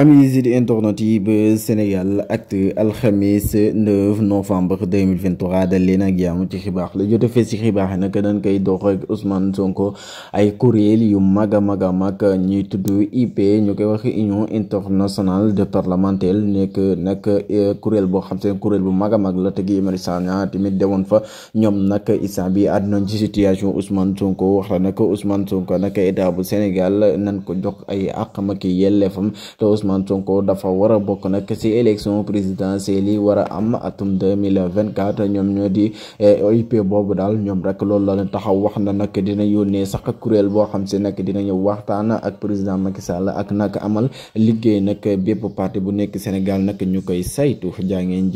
amis yi di internet yi ba Sénégal actu alxamis 9 novembre 2023 dal leen ak jaamu ci xibaar la jot a fees ci xibaar yi nag dañ koy dox ak Ousmane Sonko ay kuréel yu mag a mag a mag ñuy tudd IP ñu koy wax Union internationale de parlementaires nekk nag eh, kuréel boo xam seen kuréel bu mag mag la te gi Imari Sagna tamit demoon fa ñoom nag isaan bi àdduna ci situation Ousmane Sonko wax la nag Ousmane Sonko nag état bu Sénégal nan ko jox ay àqam ak yelleefam Ousmane Sonko dafa war a bokk nag ci élection président yi war a am atum 2024 ñoom ñoo di UP eh, boobu daal ñoom rek loolu la taxaw wax na nag dina yónnee sax kuréel boo xam si nag dina ñëw waxtaan ak président Macky Sall ak nag amal liggéey nag bépp parti bu nekk Sénégal nag ñu koy saytu jaa ngeen